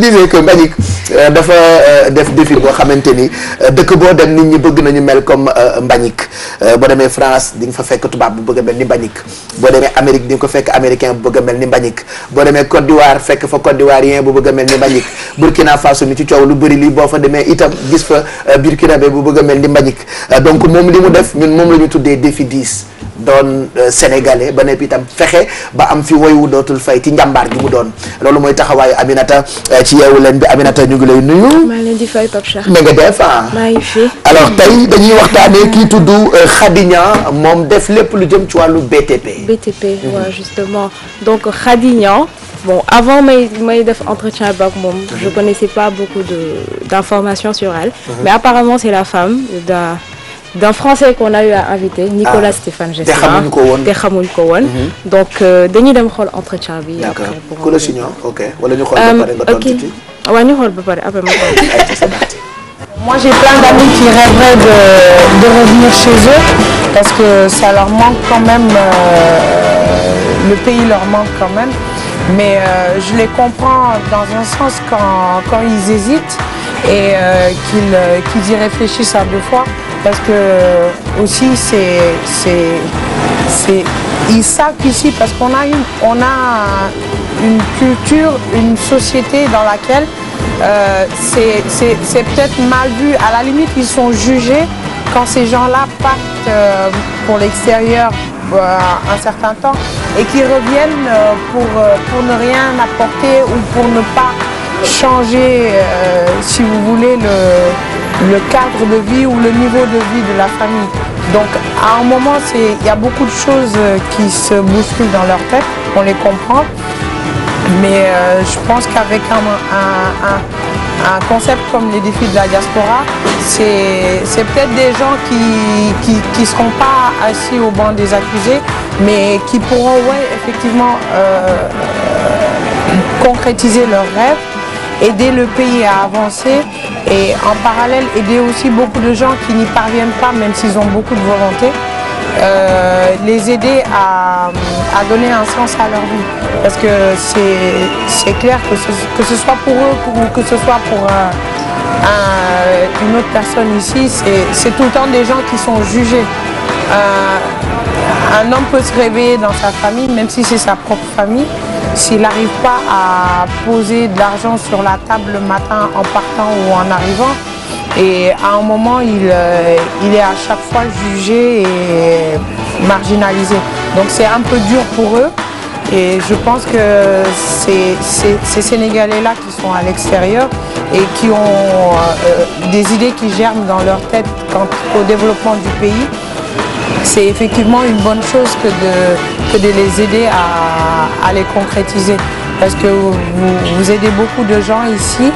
disais que Mbagnick euh, dafa euh, def défi boo xamante ni euh, dëkk boo dem nit ñi bëgg nañu mel comme Mbagnick boo demee France di nga fa fekk tubaab bu bëgg mel ni Mbagnick boo demee Amérique di nga ko fekk américain bu bëgg mel ni Mbagnick boo demee Côte d'Ivoire fekk fa Côte d'Ivoirien bu bëgg a mel ni Mbagnick Burkina Faso mi ci coow lu bëri lii boo fa demee itam gis fa Burkinabé bu bëgg a mel ni Mbagnick donc moom li mu def ñun moom la ñu tuddee défi don euh, sénégalais ba nepp itam ba am fi woyou dotul fay ci njàmbaar gi mu doon lolou moy taxawaayu Aminata euh, ci yeewu leen bi Aminata ñu ngi lay nuyu. maa leen di fay def ah. ngi fi. alors tay dañuy waxtaanee ki tudd euh, Khady mom def lepp lu jëm ci walu BTP. BTP mhm. ouais, justement donc radignan, bon avant mes may def entretien avec moom je mhm. connaissais pas beaucoup de d'informations sur elle. Mhm. mais apparemment c'est la femme d'un d'un français qu'on a eu à inviter Nicolas ah. Stéphane Gessin mhm. donc euh, Denis dem entre entretien bi. après pour Ok. Euh, ok Moi j'ai plein d'amis qui rêveraient de, revenir chez eux parce que ça leur manque quand même, euh, le pays leur manque quand même. Mais je les comprends dans un sens quand, quand ils hésitent et qu'ils y réfléchissent à deux fois. Parce que aussi, c'est... Ils savent qu'ici, parce qu'on a, une, on a une culture, une société dans laquelle euh, c'est peut-être mal vu. À la limite, ils sont jugés quand ces gens-là partent euh, pour l'extérieur euh, un certain temps et qu'ils reviennent pour, pour ne rien apporter ou pour ne pas changer, si vous voulez, le, le cadre de vie ou le niveau de vie de la famille. Donc à un moment, il y a beaucoup de choses euh, qui se bousculent dans leur tête, on les comprend, mais euh, je pense qu'avec un, concept comme les défis de la diaspora, c'est peut-être des gens qui ne seront pas assis au banc des accusés, mais qui pourront effectivement euh, concrétiser leurs rêves aider le pays à avancer et en parallèle aider aussi beaucoup de gens qui n'y parviennent pas même s'ils ont beaucoup de volonté. Euh, les aider à, donner un sens à leur vie. Parce que c'est clair que ce, soit pour eux ou que ce soit pour euh, une autre personne ici, c'est tout le temps des gens qui sont jugés. Euh, un homme peut se réveiller dans sa famille, même si c'est sa propre famille, s'il n'arrive pas à poser de l'argent sur la table le matin en partant ou en arrivant, et à un moment, il, euh, est à chaque fois jugé et marginalisé. Donc c'est un peu dur pour eux. Et je pense que ces, ces, Sénégalais-là qui sont à l'extérieur et qui ont euh, euh, des idées qui germent dans leur tête quant au développement du pays, c'est effectivement une bonne chose que de les aider à, à, les concrétiser. Parce que vous, aidez beaucoup de gens ici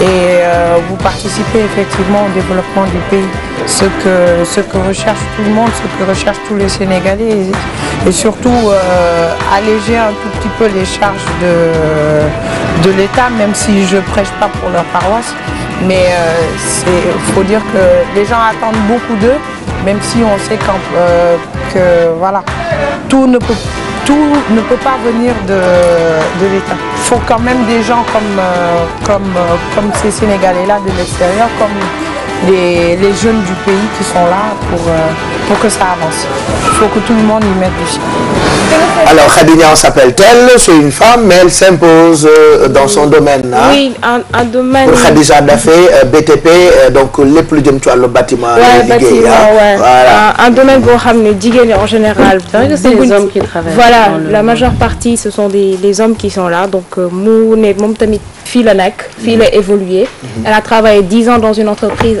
et euh, vous participez effectivement au développement du pays. Ce que, ce que recherche tout le monde, ce que recherche tous les Sénégalais et, surtout euh, alléger un tout petit peu les charges de, de l'État, même si je ne prêche pas pour leur paroisse. Mais il euh, faut dire que les gens attendent beaucoup d'eux, même si on sait que voilà, tout ne peut tout ne peut pas venir de, l'État. Il faut quand même des gens comme, euh, comme, euh, comme ces Sénégalais-là de l'extérieur, comme les, jeunes du pays qui sont là pour, euh, pour que ça avance. Il faut que tout le monde y mette du Alors Khadija s'appelle-t-elle C'est une femme, mais elle s'impose euh, dans son domaine. Hein. Oui, un, domaine. Pour Khadija fait euh, BTP, donc les plus jeunes, le bâtiment. Ouais, bâtiment hein. ouais. un, domaine pour on en général. C'est vrai que c'est les hommes qui travaillent. Voilà, la majeure partie, ce sont des, les hommes qui sont là. Donc, mon fille, Phil a évolué. Elle a travaillé 10 ans dans une entreprise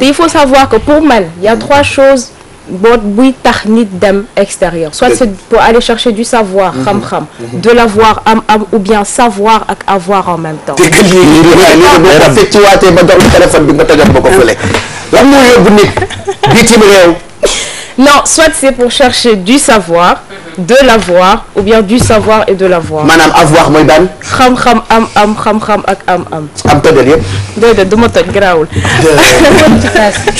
Il faut savoir que pour mal il y a trois choses extérieur soit c'est pour aller chercher du savoir de l'avoir ou bien savoir avoir en même temps non soit c'est pour chercher du savoir de l'avoir ou bien du savoir et de l'avoir. Madame avoir moy dame xam-xam am am xam-xam ak am am. am tëddal yeb. déedéet du ma toj tu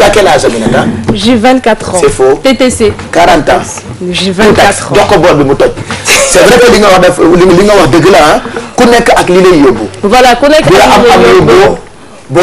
as quel âge Aminata. j'ai 24 ans. c'est faux. TTC. 40 ans. j'ai 24 ans Donc ko bi mu toj. c'est vrai que li nga wax def li nga wax deug la ah ku nek ak li lay yobou. voilà ku nek ak li lay yóbbu boo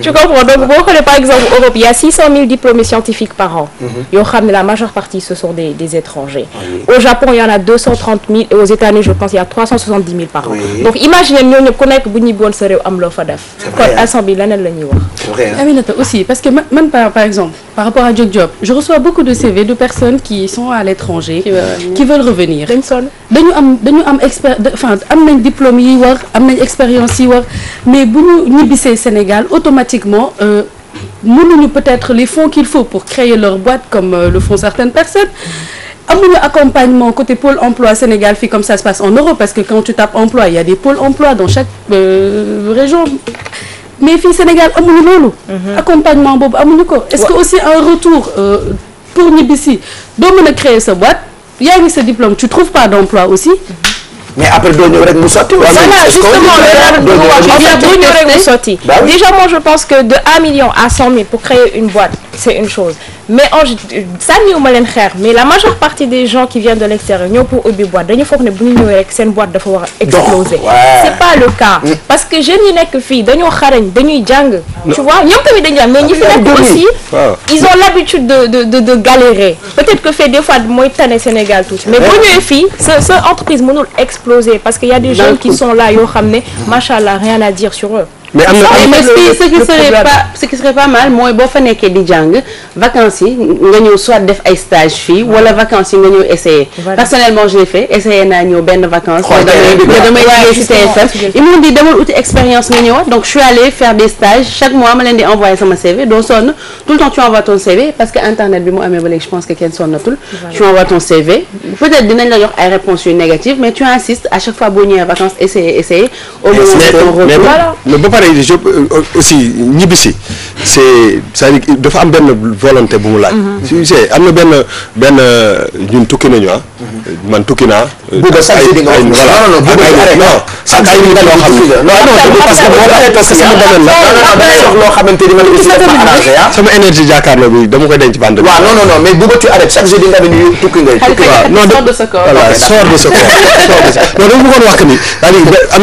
tu comprends par exemple Europe il y a 600 000 diplômés scientifiques par an mhm. la majeure partie ce sont des étrangers ah au Japon il y en a 230 000 et aux États-Unis je pense il y a 370 000 par an donc imaginez nous ne connaissons que bu sa am de fa def hein. hein. aussi parce que man par exemple par rapport à Job Job, je reçois beaucoup de CV de personnes qui sont à l'étranger, qui veulent revenir. une seule am expert enfin diplôme yi war expérience mais Sénégal automatiquement euh, mënuñu peut-être les fonds qu'il faut pour créer leur boîte comme euh, le font certaines personnes. un accompagnement côté pôle emploi Sénégal fait comme ça se passe en Europe parce que quand tu tapes emploi il y a des pôles emploi dans chaque euh, région mais filles Sénégal on loolu. Mhm. accompagnement amuñu ko. est-ce que aussi un retour euh, pour Nibisi, Donc, on a créer sa boîte y Il a eu ce diplôme tu ne trouves pas d'emploi aussi. Mhm. mais après il y rek mu sotti. justement déjà moi je pense que de 1 million à 100 000 pour créer une boîte c'est une chose mais en sànniwuma leen xeer mais la majeure partie des gens qui viennent de l'extérieur pour ubbi boîte dañu foog ne bu ñu ñëwee rek boîte dafa exploser c'est pas le cas mm. parce que jeunes yi nekk de dañoo xarañ dañuy tu vois ñoom tamit dañuy jàng mais ñi fi aussi ils ont l'habitude de de de galérer peut-être que fait des fois mooy au Sénégal tout mais pour ñëwee fille, cette entreprise nous exploser parce qu'il y a des jeunes qui sont là ils ont ramené. machallah rien à dire sur eux mais ce qui serait pas ce qui serait pas mal moi boo fa nekkee di jang vacances nga ñeu soit def ay stage fi wala vacances nga ñeu essayer personnellement je l'ai fait essayé na ñeu ben vacances ci ils m'ont dit demal une expérience nga donc je suis allée faire des stages chaque mois ma len di envoyer sama CV Donc sonne tout le temps tu envoies ton CV parce que internet bi mo amé ba je pense que kenn sonnatul tu envoies ton CV peut-être dinañ la jox ay réponses négative mais tu insistes à chaque fois bonnie à vacances essayer essayer au moins de ton retour yi je euh, euh, aussi ñibbi si c' est cest dafa am benn volonté bu mu laaj. tu mhm. sais am na benn benn ñun tukki nañu ah. Mhm. man tukki naa. bu ba ay ay voilà. ak ay nit yoo xam ne non non parce loo xamante ni man aussi daf ah. ma dama koy de ce corps voilà sort de ce corps non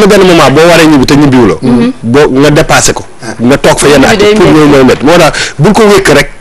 dama bëggoon wax que ni c'est-à-dire am boo waree ñibbi te ñibbiwu la mm-hmm. boo nga dépassé ko ah. nga toog fa yenn at pour ñëw mooy métti moo tax bul ko wékk rek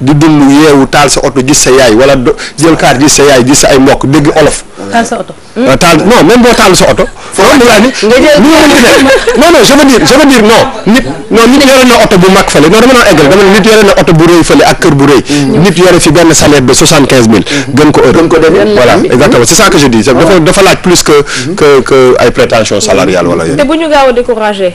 di dund yeewu taal sa oto gis sa yaay wala jël kaar gis sa yaay gis sa ay mbokk dégg olof. taal sa oto. Euh, taal non boo taal sa oto. foofu laa ni ni oto bu mag fële non dama doon eggal dama ne nit yore na oto bu rëy fële ak kër bu rëy. Mm. nit yore fi benn salaire de soixante quinze mille. Mm. gën ko heure gën ko demee voilà exactement c' ça que je dis. Ah. dafa dafa laaj plus que que ay prétentions salariales wala yooyu. te bu ñu gaaw a découragé.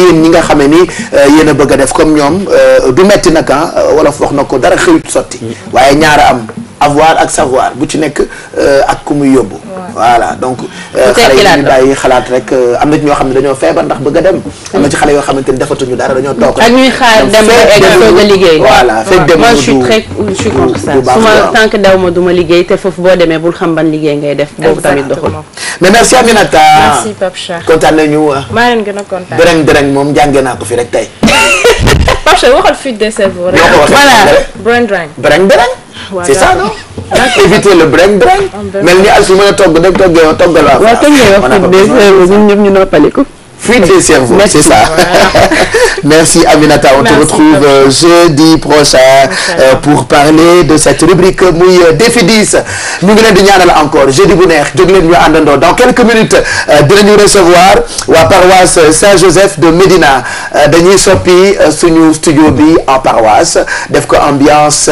yéen ñi nga xamee ni euh, yéen a bëgg a def comme ñoom euh, du metti nag ah wolof wax na ko dara xëyut sotti mm. waaye ñaara am avoir ak savoir bu ci nekk euh, ak ku muy yóbbu. voilà donc. Euh, xale yi ñu bàyyi xalaat rek euh, am na ci ñoo xam ne dañoo feebar ndax bëgg a dem. Mm. am na ci xale yoo xamante ni defatuñu dara dañoo toog. ak ñuy xaar dem ba egg a liggéey. voilà fekk dem su ma tànk daw ma du ma liggéey te foofu boo demee bul xam ban liggéey ngay def. boobu tamit doxul mais merci Aminata. merci Pape Cheikh kontaan nañu. Ah. maa leen gën a kontaan. dërëng dërëng moom jàngee naa ko fi rek tey. Pache, waxal fuite de cerveau rek. voilà brain drain. brain drain. c'est ça non. éviter le brain drain. mel ni al su mën a togg dëgg togg toggalaa. waaw kañ lay wax fuite de cerveau ñun ñëpp ñu noppaliku. Fuite des cerveaux, c'est ça. Voilà. Merci Aminata. On te retrouve euh, jeudi prochain euh, pour parler de cette rubrique muy défi 10. venons de de nanal encore jeudi bu dans quelques minutes de euh, dinañu recevoir la paroisse Saint-Joseph de Médina Denis Sopi suñu studio B en paroisse def ambiance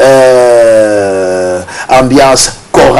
euh, ambiance Cora.